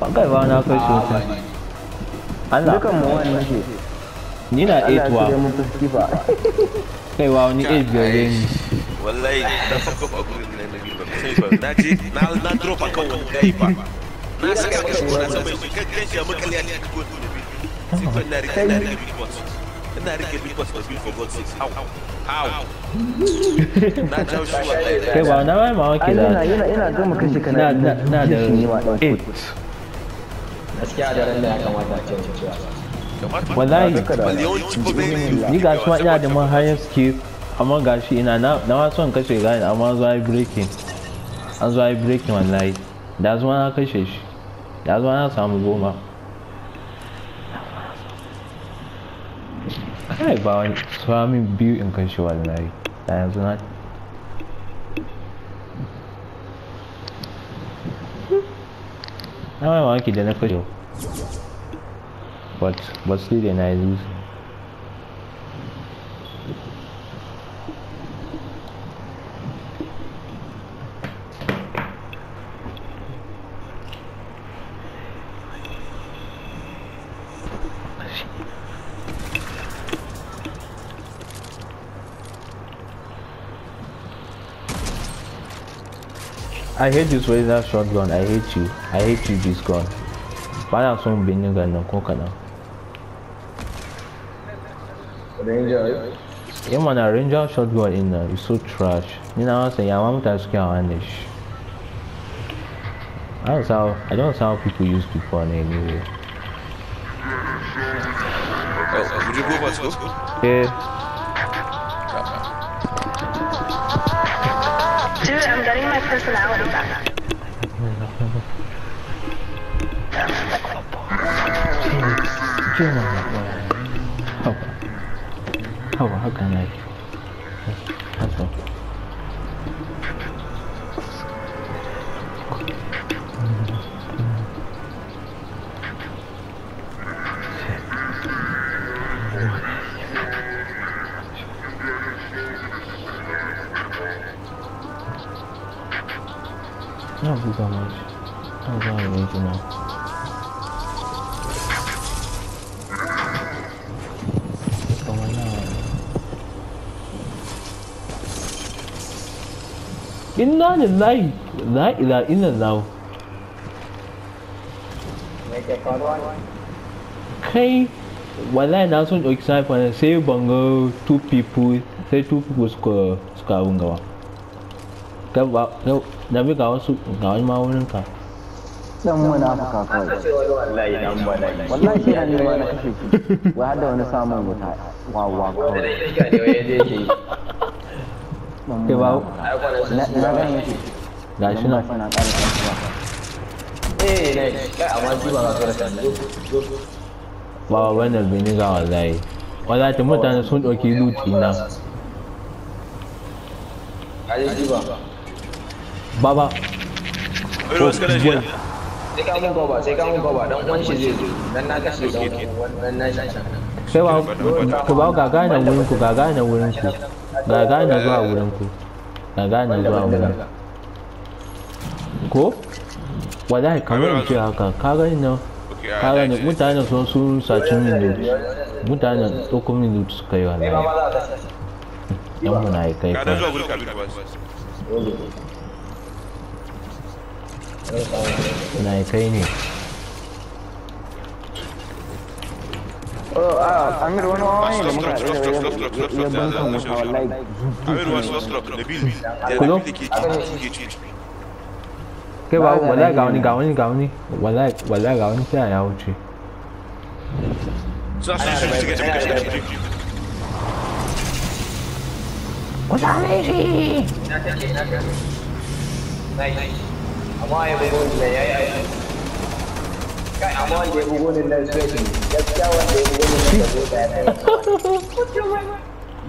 Bakai ba na kai sosai. Ah, Allah. Dukan mu wani nake. Ni na A2 wa. Kai wa ni A5 ne ni. Wallahi na ne na gaba. Sai ba na na na drop wani ba. Na saka ka shi na Sai na rike na rike rike for sake. How? How? Kai ba na mai da. kashe kana. Na na da. Eh. gaskiya da ran da ya kamata a cewa wallahi ni ga kuma ina da man higher skill amma ga shi ina na ma son kashe gani amma zo breaking an zo yi breaking wallahi da zuwa na kashe shi da zuwa na samu goma kai ba wani biyu in kashe wallahi da yanzu na na mamaki da na kashe but but still dai na yi I hate you for that shotgun. I hate you. I hate you this gun. Why are some being gun no coca now? Ranger. Yeah man, a ranger shotgun in it's so trash. You know what I'm saying? I want to ask you how I don't know how I don't know how people use people anyway. Oh, would you go back to school? Yeah. 这这来好吧，好吧，好干嘞，他走。不知道吗？大家有位置吗？懂了那。إنا لله لا إله إلا الله kai wallahi na son ɗauki safa sai ban ga two people sai two people suka suka abun gaba da bi ga wasu ga wani ma wurin ka dan munafuka kai wallahi dan bana wallahi shi ne nema na kashe ki wai har da wani samun wuta wawa kawai ke ba na ga ne yake ga shi na sana ƙara kasuwa eh ne kai amma shi ba ka kara ba ba wannan bini ga wallahi wallahi mutane sun ɗauki luti na ba baba ko boy sai ka mun goba sai ka mun goba dan uwan shi zai zo don na kashe dan wannan na shashan sai ba ku ba ga gane wurin ku ga gane wurin ku ga gane zuwa wurin ku ga gane zuwa wurin ko wallahi kamar in ce haka ka gani nan ka gani mutanen sun sun saci min mutanen ɗauko min loot suka yi wallahi dan na yi kai kai này thế nhỉ عامر وانا واعي لما كنت يبنكم حوالي عامر واش وصلك نبيل كله كيف هو ولا قاوني قاوني قاوني ولا ولا قاوني كيا يا وجهي صح صح صح صح صح amma ya bugu ne ya yi aiki kai amma wanda ya bugu ne nan sai gaskiya wanda ya bugu ne da zo da ya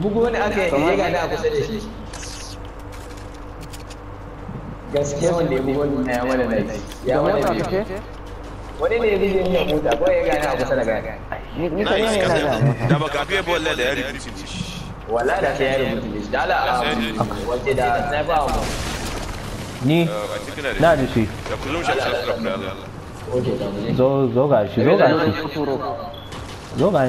bugu wani aka yi ya gada a kusa da shi gaskiya wanda ya bugu na ya wani nan ya wani wani ne ya bige ni mota ko ya gada a kusa da gada ni na da da baka fiye bolle da ya rubuce shi wala da sai ya rubuce shi da um, wace da na ba mu ni na da shi zo zo ga shi zo ga shi zo ga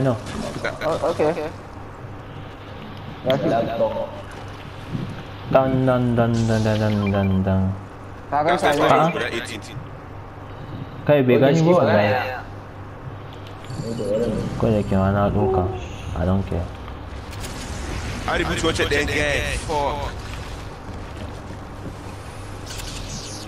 nan dan dan dan dan dan dan dan kai bai gani ba wallahi ko da ke wani doka a don ke I repeat what you're doing,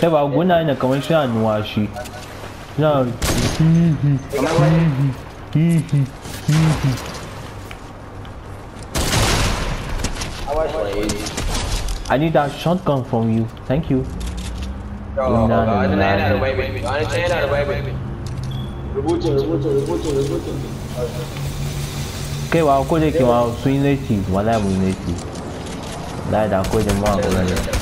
Yaba guna na kamar suna nuwashi. Na I need that shotgun from you. Thank you. Oh, no, no, no, no, baby. Okay, well, I'll call it. I'll swing it. Whatever we need to. Like, I'll call them one.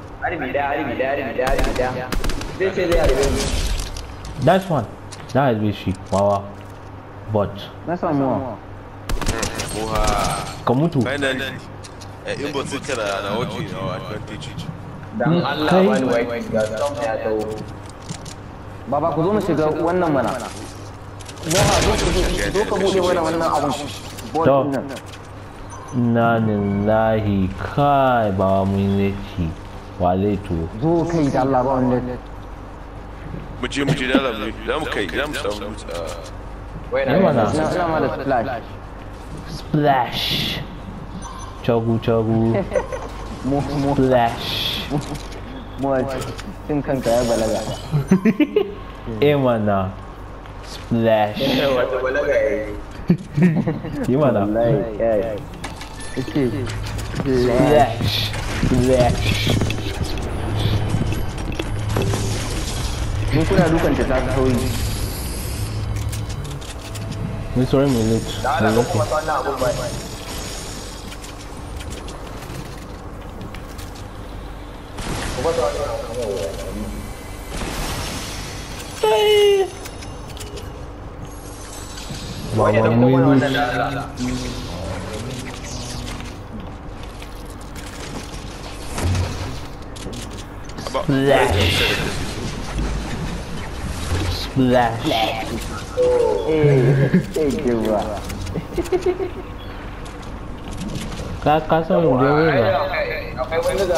Armida, one. That is Bot. one more. Ka mutu. Eh, uh, hmm. Kai na Baba ku mu shiga wannan mana. Zaha zo ku zo ka bude mana wannan abun. Bot Na lillahi kai ba mun ne ci. wa zai tuwo zo kai da Allah ba wanda mu je mu je da Allah za mu kai za mu samu wai mana na ma da splash splash chagu chagu mo mo splash mo tun kanka ya balaga eh mana Splash. Splash. Vem por ali, cara, tá ruim. Me sorry, me lute. Dá, dá, vamos matar ali na rua, vai. Vou matar ali na rua, vai. Vai! Vai, vai, vai, vai. Splash! Flash. Flash. Cá, cá sao mình đưa bây giờ?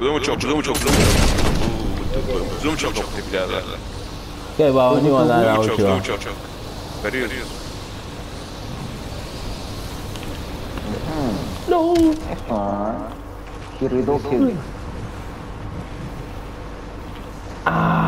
Kuzum çok, kuzum çok, kuzum çok. Kuzum çok optik birader. Gel baba ne var lan avuç var. Çok çok Veriyor. No. Ah. do kiri. Ah.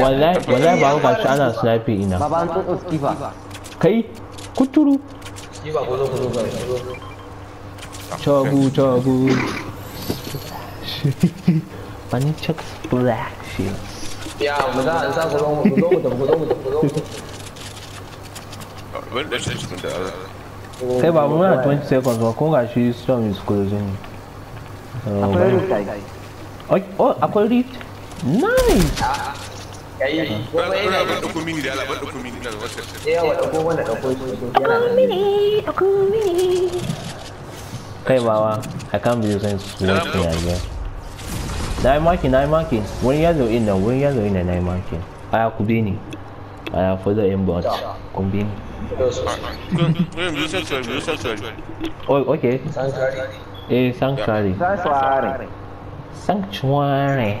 wallahi wallahi ba ga shi ana sniping ina baba an tsotso skiva kai kuturu skiva gozo gozo ga chogu chogu wani chuck black shield ya mu za za ku zo mu zo mu zo mu zo mu wanda shi shi da kai ba mu 20 seconds ba kun ga shi storm is closing akwai rift oh, akwai rift Nice. Kai ko ne ne ba dauko mini da ba dauko mini da wasa. Eh wa dauko wanda dauko shi yana. Mini, dauko mini. Kai bawa, I can't believe saying sweet thing again. Nine marking, nine marking. One yellow in there, one yellow in there, nine marking. Aya kubini. Aya further inbox. Dạ. Kumbini. Oh, okay. Sanctuary. Eh, sanctuary. Sanctuary. Sanctuary.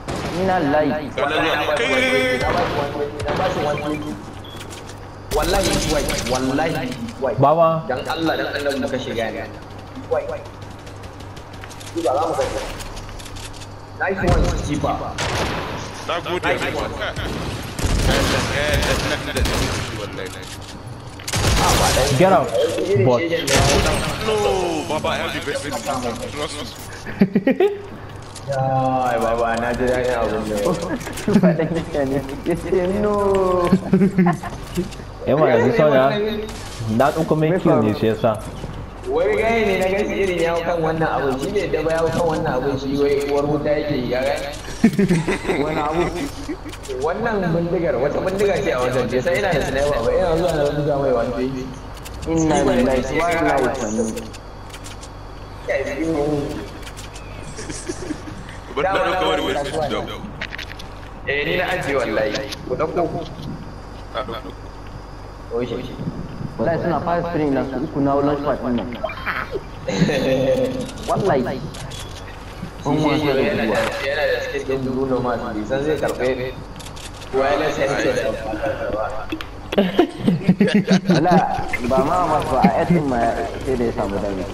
minallahi wallahi wai wallahi wai bawa jangan Allah dan Allah muka syirikan wai wai juga lama saja life one jiba tak good ya Get out, bot. No, Baba, help you, baby. Trust me. Ai baba na ji daɗin abin da faɗin mutane ya ce no. Yawa yanzu sauya na ɗauko mai kiwo ne shi yasa. Wai gaya ne na gashi irin yawo kan wannan abin shi ne da yawo kan wannan abin shi wai uwar wuta yake yi ya Wani abu. Wannan bindigar wata bindiga ce a wajen je sai ina da sinaiwa ba ina zuwa na bindiga mai wani. Inna lillahi wa inna ilaihi raji'un. wani na ɗauka wani wani su eh ni na ajiye wallahi ku ɗauko ku oje wallahi suna fara spring na su na launch pad ɗin nan wallahi kun wani yana yana da skill ɗin Bruno Mars bai san zai karɓe wireless headset wala ba ma masu a etin ma sai da ya samu dami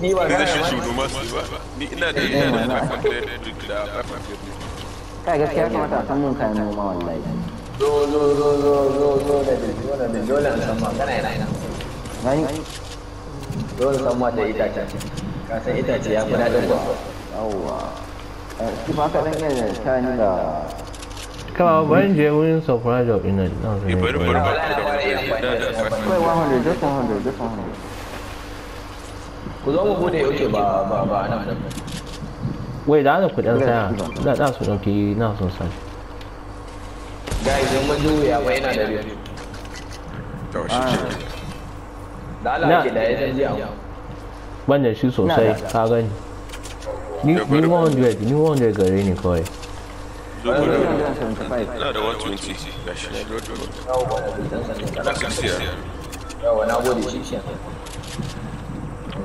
ni ba ga shi su duma su ba ina da eh, ina da eh, da kamata a san mun kayan noma wallahi zo zo zo zo zo zo da dole an san ma kana ina ina nani dole san ma da ka san ya fi daɗin ba yawwa eh, ka ta ni da kama bayan je wurin surprise of energy na zai bari bari bari ku zo mu bude yauke ba ba ba nan wai da ana kudin saya da da su dauki na son san guys mun juya ba yana da biyu to shi da Allah ke da yayin jiya ban da shi sosai ka gani ni ni 100 ni 100 gare ni kawai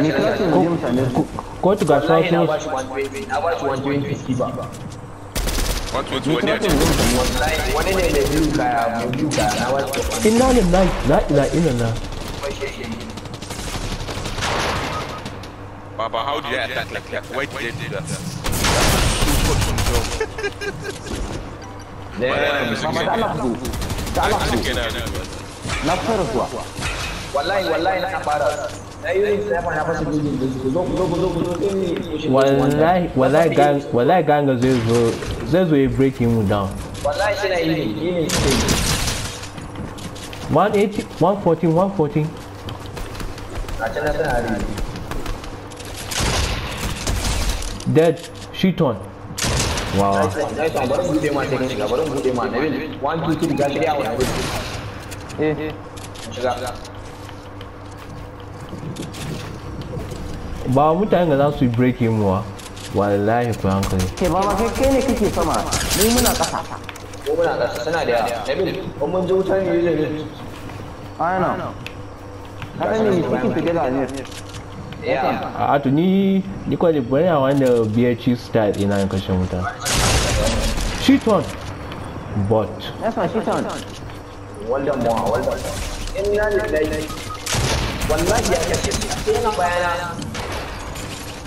ne ka ce mu je mu same su kotu ga shawo sun ba shi ne da biyu kaya na ba shi inna lillahi la ila Baba, how did Na fara Well, wallahi gang, wallahi gang of Zezo, Zezo will break him down. Wallahi, say that Dead, shit on. Wow. Nice one, baru bude man second ba mutane da za su yi breaking muwa wallahi ku hankali ke ba ma kai ne kake sama ni muna kasa ko muna kasa suna da yawa nabil ko mun ji wutar ne ne ana kada ne kike fide da ne a to ni ni kwa ne a wanda BH style ina yin kashe wuta shit on but. that's my shit on wanda mu na ni dai wallahi ya kashe sai na bayana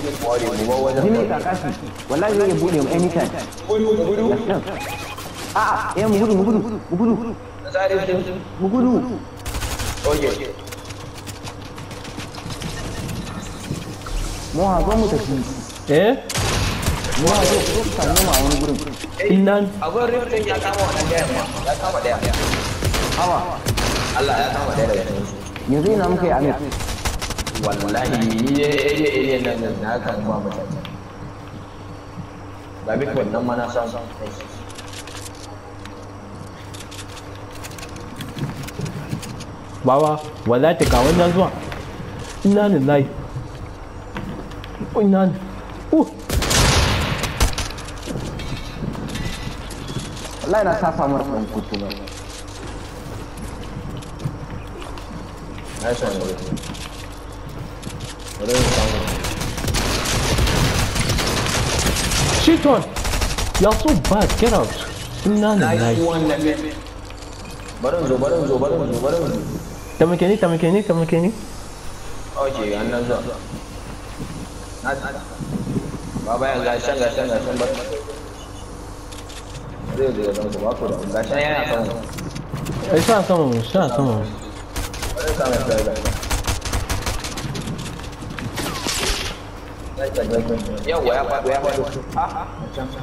jini kakashi, wallahi zai iya bude mu anytime a a eh mu gudu mu gudu mu gudu mu gudu mu mu tafi eh mu hazo ku samu wani gurin innan akwai rifin ya kama wannan daya ya kama daya Allah ya kama daya yanzu ina muka yi amir wallahi ni ne area nan na kan ba mutane ba bi wannan mana san bawa wallahi ta kawon na zuwa ina ne lai ina ne uh wallahi na sa samu rafin kutu ba na shi wani Whether it's one! Y'all so bad, get out. None nice, nice one, Lemon. Baronzo, Baronzo, Baronzo, Baronzo. Tamikeni, Tamikeni, Tamikeni. Okay, another. Baba ya gashan gashan gashan ba. Zai zai zan kuma ko da gashan yana kan. Ai sa sama mu, sa sama mu. Ai sa sama mu. Yo, voy a voy a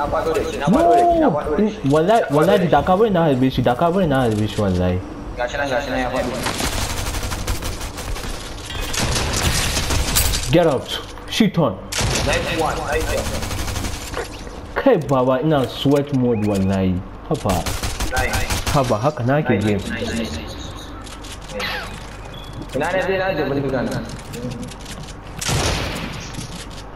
Ah, والله والله دي تكابر نه بيش تكابر نه Get out shit on nice one kai baba ina sweat mode wallahi haba haba haka nake game ina ne dai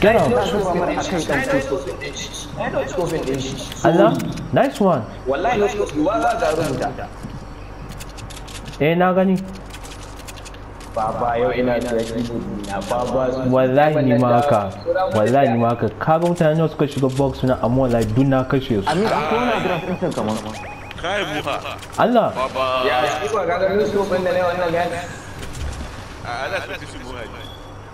Get him. Allah, nice one. Eh Baba ina da Wallahi ni Wallahi ni Ka mutane ne suka shiga box na amma wallahi duk na kashe su. Amin, akwai na address kamar. Kai buha. Allah. Baba. Ya, shi ba ga da ne wannan gani. Allah ka buha.